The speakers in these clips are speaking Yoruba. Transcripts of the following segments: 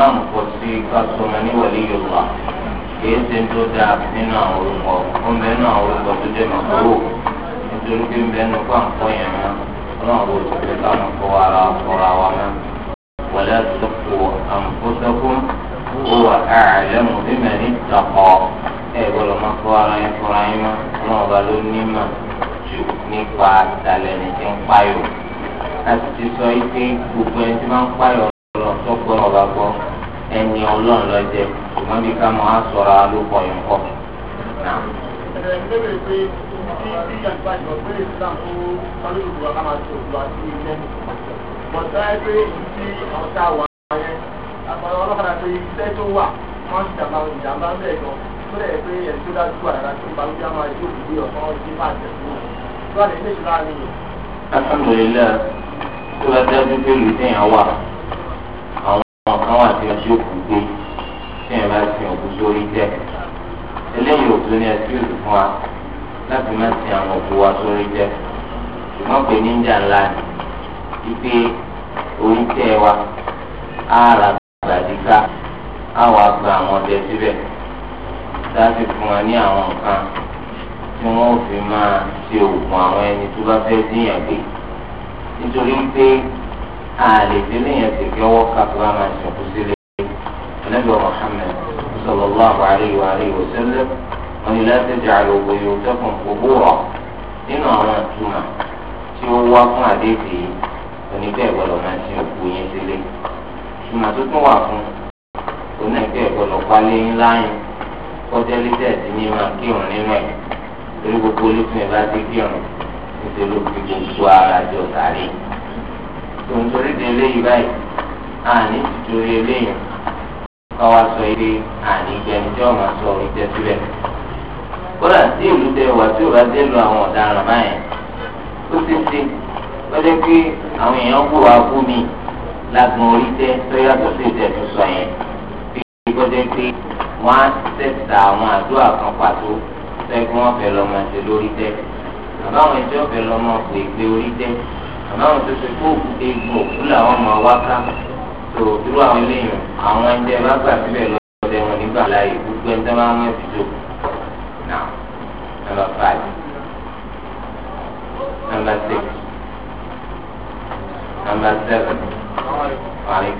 islam kò sí kásọmọ ní wàlí yorùbá kìí ṣe ń tó dáa nínú àwọn orúkọ ó ń bẹ nínú àwọn orúkọ tó jẹ màkúrò nítorí pé ń bẹ nínú pàǹkọ yẹn mọ ọlọ́run ló ti fi káwọn kọ ara kọra wa mọ wàlẹ́ àtúntò àǹfọ̀sọ́kún ó wà áàlẹ́mù bí mẹ́rin ẹ gbọ́dọ̀ máa kọ ara yẹn fúnra yín mọ́ ọlọ́run ọba ló ní mà jù nípa àtàlẹ́ ní ti ń páyò láti ti sọ yìí pé gbogbo ẹni tí máa ń páyò lọ sọ́kọ́ ọba gbọ́ ẹni ọlọ́run lọ jẹ ṣùgbọ́n bí ká máa sọ̀rọ̀ alókọ yẹn kọ́. Bọ̀dá ẹgbẹ́ ìdí ọ̀tá wà yẹn, àpàrọ̀ ọlọ́kadà pé iṣẹ́ tó wà, wọ́n ti dàgbà ìjàmbá ń bẹ̀ gan. Tó lẹ̀ pé ẹ̀sìn tó dájú wà dára tó bá wíjá máa yóò dìbò ọ̀kan ọdún máa tẹ̀ fún un. Tó wà ní ilé ìṣúná mi. Alhamdulillah, tó bá olùdíyàn wà, àwọn kan wà fi ojú òkú gbé tí ẹ̀ máa fi òkú sórí tẹ̀. eléyìí òtún ní ẹ̀sìkúùsì fún wa láti má sin àwọn òkú wa sórí tẹ̀. ṣùgbọ́n pé níjà ńlá ni wípé orí tẹ́ wa á ra gbàdíkà á wàá gba àwọn ọdẹ síbẹ̀ láti fún wa ní àwọn nǹkan tí wọ́n fi máa ṣe oògùn àwọn ẹni tó bá fẹ́ dínyàn gbé nítorí pé àlejò lẹ́yìn ti fi ọwọ́ ká tó bá máa ṣẹ̀kú sílẹ̀ ẹ̀nẹ́bẹ̀ Muhammad sallallahu alayhi wa alihi wa sallam wọn ni láti jẹ́ àlòkò yóò tẹ́kùn gbogbo rọ̀ nínú àwọn àtúmọ̀ tí ó wá fún àdéhùn yìí oníbẹ̀ gbọ́dọ̀ máa ṣe òkú yẹn sílẹ̀ ìtumọ̀ tó tún wà fún oníbẹ̀ gbọ́dọ̀ pálí ńláyìn kọjá lítẹ̀ sí ní máa kírun nínú ẹ̀ torí gbogbo olófin ẹ̀ bá ti kírun nítorí gbogbo ara jọ sáré tòǹtòrí di eléyìí báyìí àní tìtorí eléyìí káwa sọ ilé àní ìgbẹ́ni tí wọ́n máa sọ ìjẹ́ sílẹ̀. kódà tí ìlú tẹ wà tí ò bá dé lu àwọn ọ̀daràn báyẹn ó ti ṣe lọ́jọ́ pé àwọn èèyàn kú wa kú mi lágùn orí tẹ tó yàtọ̀ sí ìjẹ́ tó sọ yẹn bí gbọ́dọ̀ pé wọ́n á tẹ̀sà àwọn àdúrà kan pàtó tẹ́gbọ́n fẹ́ lọ́mọ ṣe lórí tẹ́ àbáwọn ìjọ́ fẹ́ lọ́mọ pè pé orí tẹ́ àmọ́ àwọn tó ṣe kó egbò fún làwọn máa wá ká tó irú àwọn eléyìí àwọn ẹgbẹ́ bá gbà síbẹ̀ lọ́dẹ wọn nígbà láàyè gbogbo ẹgbẹ́ máa ń fi jò náà number five number six number seven wàhálà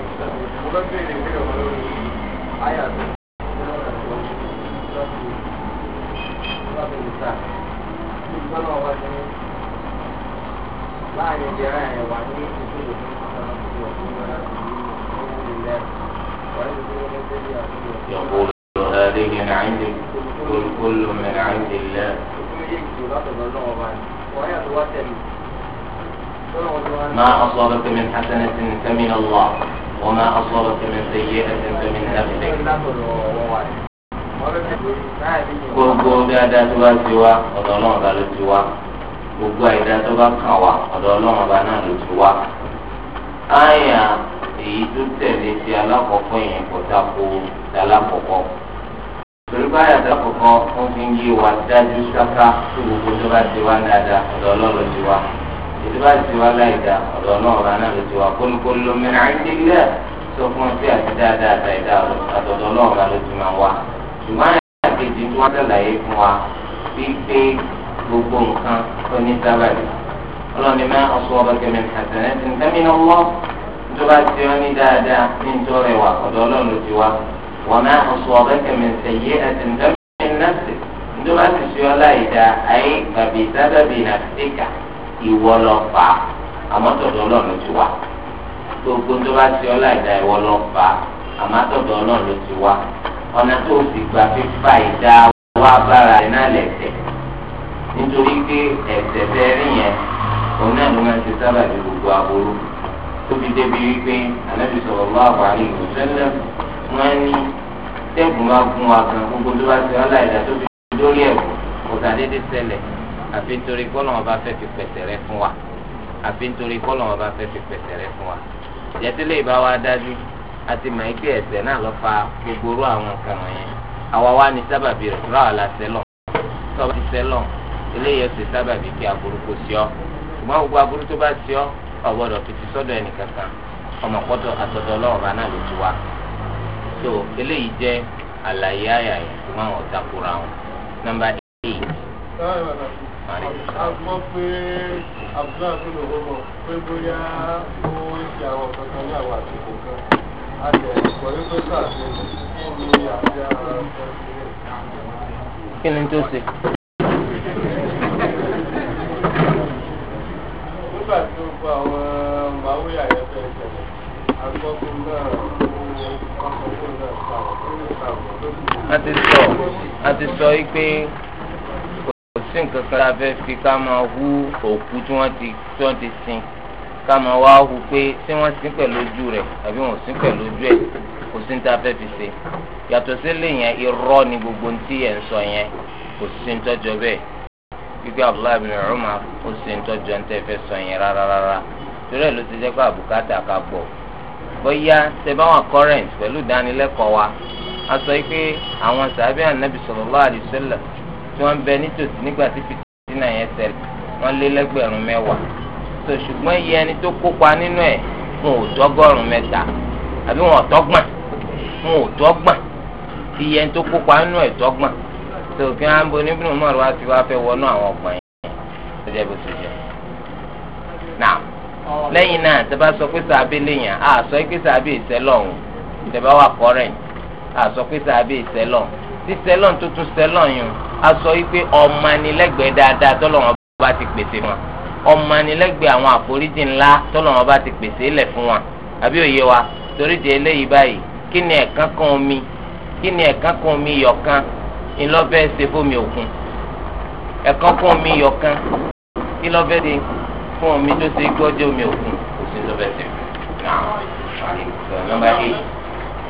بعد جراءه وعليه سجود يقول هذه من عند كل كل من عند الله ما أصابك من حسنة فمن الله وما أصابك من سيئة فمن نفسك gbogbo dáadáa tó bá ti wá ọ̀dọ̀ ọlọ́run bá ló ti wá gbogbo àìdá tó bá kàn wá ọ̀dọ̀ ọlọ́run ọba náà ló ti wá. àyà èyí tó tẹ̀lé ti alákọ̀ọ́kọ́ yẹn kò tako dalákọ̀ọ́kọ́. torí báyà dákọ̀ọ́kọ́ ó fi ń yé wa dájú sáká tó gbogbo tó bá ti wá dáadáa ọ̀dọ̀ ọlọ́run ti wá. èyí tó bá ti wá láìda ọ̀dọ̀ ọlọ́run ọba náà ló ti wá kólókóló mẹ́rin àìdílé tó fún ọtí àti dáadáa àtàìdá àtọ̀dọ̀ ọlọ́run ọba ló ti máa wá. ṣùgbọ́n àyà kejì gbogbo nǹkan tó ní sábàbí ọlọ́run ní máa ọ̀ṣọ́ ọba kẹmẹ́ àtẹ̀lẹ́ ti ń tẹ́mínà wọ́ nítorí àti ọ́ ní dáadáa ní nítorí wà ọ̀dọ̀ ọlọ́run ló ti wá wọ́n máa ọ̀ṣọ́ ọba kẹmẹ́ sẹ̀yẹ́ àti ń tẹ́mínà nàṣẹ̀ nítorí àti ṣe ọ́ láì dá ayé bàbí sábàbí nàṣẹ̀ká ìwọ lọ fà á àmọ́ ọlọ́run ló ti wá gbogbo nítorí àti ọ́ láì dá ìwọ lọ fà á àmọ́ ọlọ́run ló ti wá ọ̀nà tó fi gbà fífa ìdá wa bára ẹ̀ náà lẹ̀sẹ̀ nítorí pé ẹ̀sẹ̀ tẹ́rí yẹn òun náà ló máa ṣe sábà ju gbogbo aburú tó fi débi wípé ànábì sọ̀rọ̀ wá wà ní ìmọ̀sẹ́lẹ̀ wọ́n ní tẹ́gùn máa gun wa gan gbogbo tó bá ti wá láìda tó fi lórí ẹ̀kọ́ kò sàdédé ṣẹlẹ̀ àfi nítorí kọ́lọ̀ wọn bá fẹ́ fi pẹ̀sẹ̀ rẹ fún wa àfi nítorí kọ́lọ̀ wọn fẹ́ fi pẹ̀sẹ̀ rẹ fún wa ìyẹ́tẹ́lẹ̀ ìbá wa dájú àti mọ̀ ẹ̀sẹ̀ náà lọ fa gbogbo eléyìí ẹsẹ̀ sábà bíi kí aburú kò sí ọ ṣùgbọ́n gbogbo aburú tó bá sí ọ ọ̀gbọ́dọ̀ fìtì sọ́dọ̀ ẹnìkankan ọmọ pọ́tọ̀ àtọ̀dọ̀ ọlọ́run bá náà ló ti wá so eléyìí jẹ́ àlàyé àyà yẹn tó máa wọ̀ takora wọn. nọmba eight. a gbọ́ pé abdul abdul ọgbọ pé bóyá ó ń ṣe àwọn kankan ní àwọn àsìkò kan a jẹ ìwọlé tó sàṣẹ fún mi àti àwọn ọmọ kí ni tó ṣe. ti sọ yìí pé kò sí nǹkan kan la fẹ́ fi ká máa hu òkú tí wọ́n ti tí wọ́n ti sin ká máa wá hu pé tí wọ́n sin pẹ̀lú ojú rẹ̀ àbí wọ́n sin pẹ̀lú ojú ẹ̀ kò sí ní ta fẹ́ fi ṣe yàtọ̀ sí lèyìn irọ́ ni gbogbo ní tí yẹn ń sọ yẹn kò sí ní tọ́jọ́ bẹ́ẹ̀ gbígbé Abdullahi bin Umar kò sí ní tọ́jọ́ ní tẹ́ fẹ́ sọ yẹn rárá rárá torí ẹ̀ ló ti jẹ́ pé àbùkátà ká gbọ́ bóyá tẹ bá wọn a sọ pé àwọn sàbẹ̀ ànábì sallallahu alaihi wasallam tí wọ́n bẹ nítòsí nígbà tí fìtínà yẹn ṣẹlẹ̀ wọ́n lé lẹ́gbẹ̀rún mẹ́wàá tó ṣùgbọ́n iye ẹni tó kópa nínú ẹ̀ wọn ò tọ́gọ́rùn mẹ́ta àbí wọn ò tọ́gbọ̀n wọn ò tọ́gbọ̀n iye ẹni tó kópa nínú ẹ̀ tọ́gbọ̀n tó kí wọ́n á ń bo níbi ní mọ̀rọ̀ wá ti wá fẹ́ wọnú àwọn ọgbọ̀n yẹn tó jẹ́ bó ṣe jẹ́ náà lẹ́yìn náà tẹ́ bá sọ pé sàbí lèèyàn á sọ pé sàbí ìṣẹ́ lọ́hùn tẹ́ wà kọ́rẹ́ǹt àsọ pé sàbẹ ìsẹlọ tí sẹlọ tó tún sẹlọ yùn àsọ yìí pé ọmọnilẹ́gbẹ̀ẹ́ dáadáa tọlọ́run bá ti pèsè wọn ọmọnilẹ́gbẹ̀ẹ́ àwọn àforíjì ńlá tọlọ́run bá ti pèsè lẹ fún wọn àbí òye wa torí di eléyìí báyìí kí ni ẹ̀kan kan omi kí ni ẹ̀kan kan omi yọ̀kan ńlọ́bẹ̀ ṣe fómi òkun ẹ̀kan kan omi yọ̀kan kí lọ́bẹ̀ di fún omi tó ṣe gbọ́jọ́ omi òkun kò sí lọ́bẹ̀ ṣe fún un.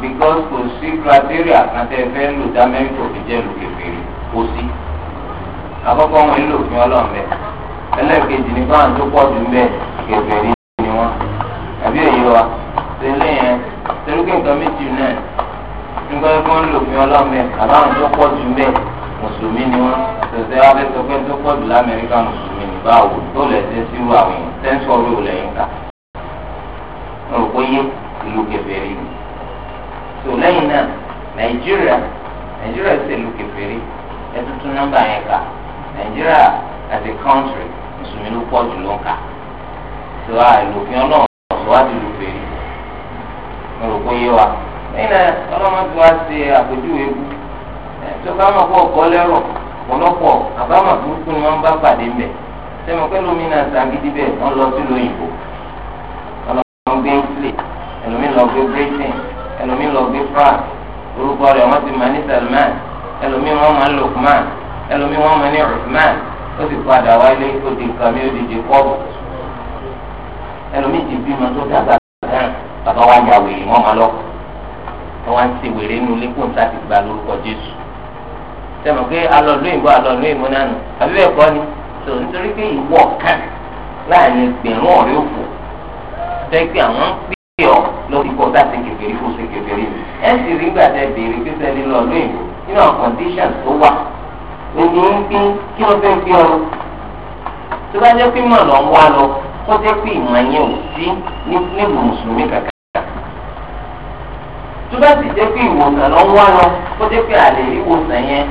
because kò sí criteria kan tẹ́ fẹ́ lò dá mẹ́rìndò fi jẹ́ lò kékeré kò sí. àkọ́kọ́ wọn nílò òfin ọlọ́run bẹ́ẹ̀ ẹlẹ́ẹ̀kejì ní báwọn tó pọ̀ jù bẹ́ẹ̀ kékeré ni wọ́n àbí èyí wa tẹ́lẹ̀ yẹn tẹ́lúkẹ́ nǹkan méjì náà nígbà tí wọ́n lò òfin ọlọ́run bẹ́ẹ̀ àbáwọn tó pọ̀ jù bẹ́ẹ̀ mùsùlùmí ni wọ́n tẹ̀sẹ̀ wá fẹ́ sọ pé tó pọ̀ jù lamẹ́ríkà mùsùlùmí ni báwo tó lẹ̀ ṣe síwú àwọn yẹn lẹ́yìn ká. mo rò pé yé ìlú kẹfẹ́ rí tó lẹ́yìn náà nàìjíríà nàìjíríà ti lu kẹfẹ́rí ẹ tuntun yẹn as a country mùsùlùmí ló pọ̀ jù so a wa ti lu fèrè mo wa ti ṣe àpèjúwe ewu tó bá mọ̀ pọ̀ kọ́ lẹ́rọ̀ ọ̀pọ̀lọpọ̀ àbámọ̀ burúkú ni wọ́n bá pàdé mbẹ̀ sẹ́mi pé ẹlòmíì lọ gbé france orúkọ rẹ̀ wọ́n ti máa ní salman ẹlòmíì wọ́n máa ní lukman ẹlòmíì wọ́n máa ní usman ó sì padà wáyé ó di kàmí ó di jacob ẹlòmíì ti bímọ tó dàgbà gan bàbá wa yà wèrè wọ́n máa lọ wọ́n wá ń ti wèrè nu lẹ́kùn sáti gba lórúkọ jésù sẹ́mi pé alọ́lú ìbò alọ́lú ìbò nánu àbí bẹ́ẹ̀ ni tó nítorí pé ìwọ kan láàrin ìgbẹ̀rún ọ̀rẹ́ òfò tẹ́ pé àwọn ń pè ọ́ ẹ sì rí gbàdẹ béèrè pé sẹ́ni lọ lóyìnbó nínú àwọn condition tó wà èmi ń pín kí wọ́n fẹ́ gbé ọ tó bá jẹ́ pé mọ̀ lọ́ ń wá lọ kó jẹ́ pé ìmọ̀ yẹn ò sí nílùú mùsùlùmí kàkà tó bá sì jẹ́ pé ìwòsàn lọ́ ń wá lọ kó jẹ́ pé àlè ìwòsàn yẹn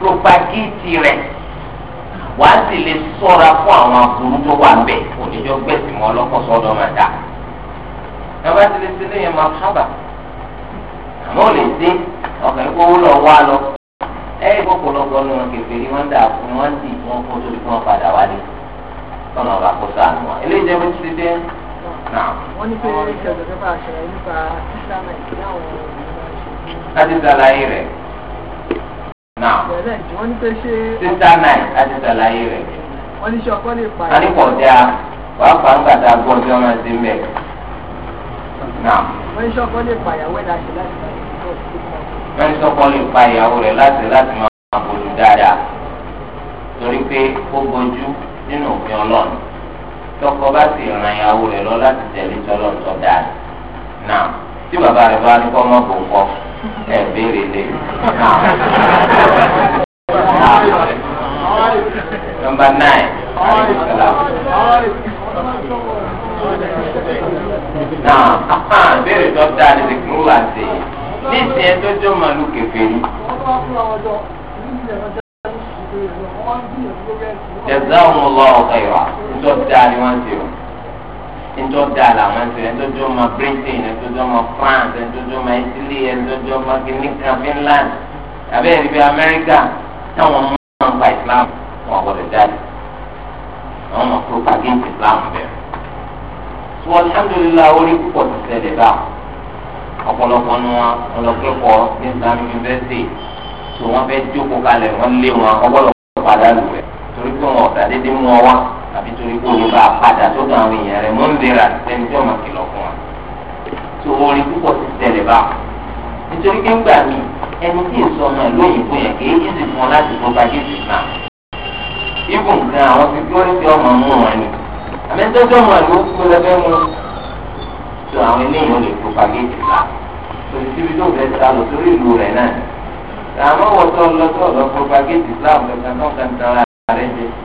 propagate rẹ̀ wàá sì lè sọ́ra fún àwọn aburú tó wà bẹ̀ oníjọ́ gbẹ̀sìn wọn lọ́kọ̀ sọ́dọ̀ máa dà ẹ̀fọ́ ti lè ṣe léyìn máa sábà àmọ́ ò lè dé ọkàn yìí kó lọ wá lọ ẹ̀yìn kó pọ̀lọpọ̀ nù wọn kẹfẹ́ rí wọn dà fún wọn dì wọn kó tó di wọn padà wálé tọ́nà ọ̀gá kó sànù wọn eléyìí jẹ́ bó ti ti dé náà. wọ́n ní pé ṣe ọ̀dọ̀ tó bá ṣẹlẹ̀ nípa sísá náà ìdí àwọn ọ̀rọ̀ àti ṣàlàyé rẹ̀ náà sísá náà láti ṣàlàyé rẹ̀. wọ́n ní sọ kọ́ lè pa. wọ́n ní kò dá wàá fà ń gbàdá gbọ́ bí wọ́n máa ti mẹ́. wọ́n ní sọ kọ́ lè pa ìyàwó ẹ̀ láti láti máa. wọ́n ní sọ kọ́ lè pa ìyàwó rẹ̀ láti láti máa bòlù dáadáa torí pé ó bójú nínú òfin ọlọ́run tọkọ bá sì ràn ìyàwó rẹ̀ lọ láti tẹ̀lé tọ́lọ́ dáadáa. náà tí bàbá rẹ̀ bá ní kọ́ mọ́ bò ń kọ́ ẹ béèrè lè. Number nine. Náà ah, béèrè tó dáa ní ìdìkúrú àti níìsín ẹ tó jọ màlúù kẹfẹ́rí. Jẹ̀záhùn lọ́wọ́ ẹ̀rọ tó dáa ni wọ́n ti rò ntọ́ da làwọn ẹsẹ̀ ẹ̀ńtọ́jọ́ ma Britain ẹ̀ńtọ́jọ́ ma France ẹ̀ńtọ́jọ́ ma Italy ẹ̀ńtọ́jọ́ ma Guinea Finland abẹ́ ẹ̀rí bí Amẹ́ríkà táwọn mú wọn gba Islam wọn gbọdọ̀ jáde wọn mọ̀ propagate Islam bẹ̀rẹ̀ tí wọn alhamdulillah orí púpọ̀ ti ṣẹlẹ̀ bá ọ̀pọ̀lọpọ̀ nu wọn ọlọ́kẹ́kọ̀ọ́ ní Islamic University tí wọ́n fẹ́ jókòó kalẹ̀ wọ́n lé wọn ọgbọ́dọ̀ padà lù rẹ̀ torí pé wọn ọ̀dà dédé mú wọn wá torí kó o bá padà tó dùn àwọn èèyàn rẹ mọ́ ń bèrè àtẹni tí ọmọ kìlọ̀ fún wa. tó orin púpọ̀ ti tẹ̀lé bá nítorí pé ńgbà mi ẹni tí èso ọmọ ìlú òyìnbó yẹn kì í yíṣe fún ọ láti bó ba jésù náà. ibùn gan àwọn ti fi oríṣi ọmọ mú wọn ni àmẹ́tọ́jọ́ ọmọ ìlú kó lẹ́fẹ́ mú tó àwọn eléyìí ó lè bó ba jésù náà. òṣìṣẹ́ tó fẹ́ sá lọ sórí ìlú rẹ̀ náà. àmọ́ wọ́n tọ́ lọ́tọ́ lọ́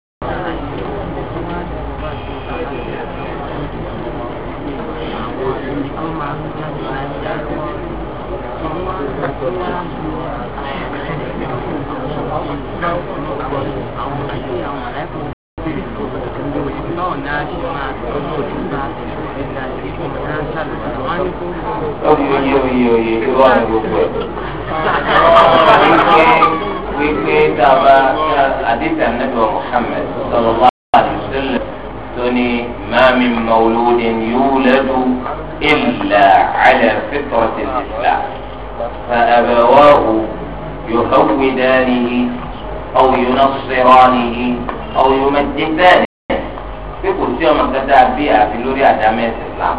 oye oye oye irọ́ ni gbogbo ẹ̀ wípé wípé dábà àdìsá nàbẹ̀ Muhammad sallallahu alaihi wasallam tó ní ma min mawludin yuladu illa ala fitratil islam. فأبواه يهودانه أو ينصرانه أو يمدثانه pé kò sí ọmọ kẹta bí àfi lórí àdámẹ́ islam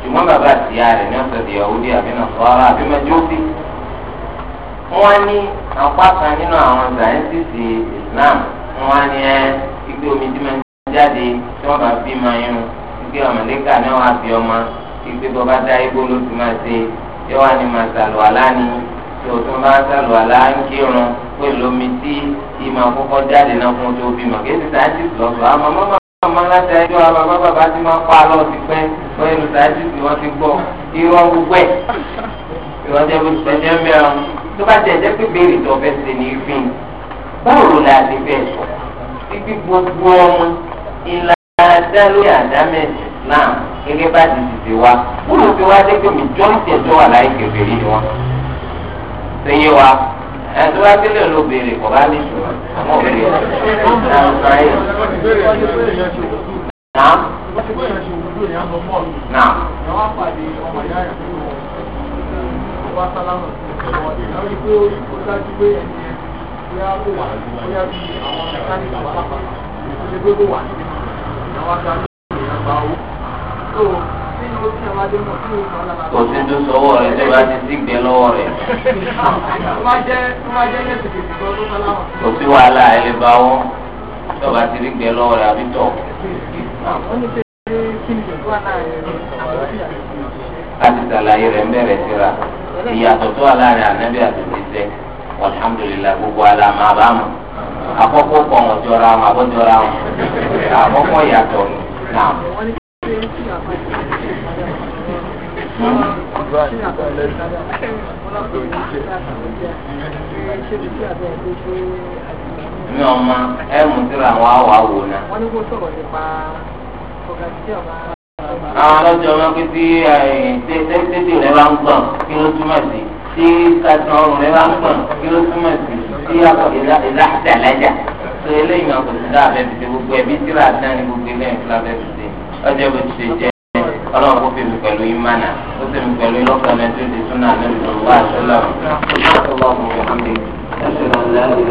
ṣùgbọ́n bàbá نصر rẹ̀ ní ọ̀sẹ̀ di yahudi àbí nasara àbí mẹjọ́sí. wọ́n ní apá kan nínú àwọn sáyẹ́ǹsìsì islam wọ́n ní ẹ ike omi tí máa ń jáde tí wọ́n bá bí máa yún ike ọmọdéka náà wà bí ọmọ ike bọ́ dá igbó ló ti máa ṣe yóò wá ní máa ṣàlùwàlá ni yóò tún máa ṣàlùwàlá ń kírun pé lómi tí tí máa kọ́kọ́ jáde náà fún ojú bímọ kí èsì sáyẹ́ntìsì lọ́sọ̀ ah, àmọ́ mọ́mọ́ ọmọ láti ẹjọ́ àwọn ah, bàbá bàbá ti máa pa lọ sí pẹ́ pé èsì sáyẹ́ntìsì wọ́n ti gbọ́ irọ́ gbogbo ẹ̀ ìrọ̀jẹ́ bó ti tẹ̀jẹ́ mìíràn tó bá tẹ̀jẹ́ pé béèrè tó fẹ́ ṣe ní ìfín báwo la ti fẹ́ sọ sí gbogbo ọmọ ìlànà àdá lórí àdá mẹ́sì náà gẹ́gẹ́ bá ti ti ti wá wúlò ti wá dé pé mìjọ́ǹtì ẹ̀tọ́ wà láì kèfèrí ni wọ́n. ṣé yé wa ẹ̀tọ́ wá sílẹ̀ ló béèrè kọ̀ bá ní ìṣòro àmọ́ òbèrè náà. Náà kò sí tó sọ́wọ́ rẹ̀ tó bá ti sígbẹ́ lọ́wọ́ rẹ̀. kò sí wàhálà ẹ lè bá wọ́n tó bá ti sígbẹ́ lọ́wọ́ rẹ̀ àbí tọ̀. a ti sàlàyé rẹ̀ mẹ́rẹ̀ síra ìyàtọ̀ tó wà láàrin ànábì àti ìṣẹ́ alhamdulilayi gbogbo ala máa bá mu àkọ́kọ́ kọ̀ wọ́n jọra wọn àbọ̀jọra wọn àkọ́kọ́ yàtọ̀ náà ní ma, ẹ mú síra àwọn àwọ̀ àwò na. wọ́n ní kó sọ̀rọ̀ nípa ọ̀gá tí ọba. àwọn ọlọ́jọ́ máa ń pè sí tẹ́tẹ́tẹ́ rẹ̀ bá ń gbọ̀n kí ló túmọ̀ sí tí kàtàn ọrùn rẹ̀ bá ń gbọ̀n kí ló túmọ̀ sí tí ìlàdàlájà tó eléyìí náà kò sí dáa bẹ́ẹ̀ fi ṣe gbogbo ẹ̀mí síra àdáni gbogbo ilé ẹ̀fọ́ abẹ́ fi ọjọ́ bó ti ṣe jẹ́ ọlọ́run kò fi mi pẹ̀lú ìmánà ó sì mi pẹ̀lú ìlọ́kàn náà tó di súnà lẹ́nu ìlú àṣọ lọ́wọ́.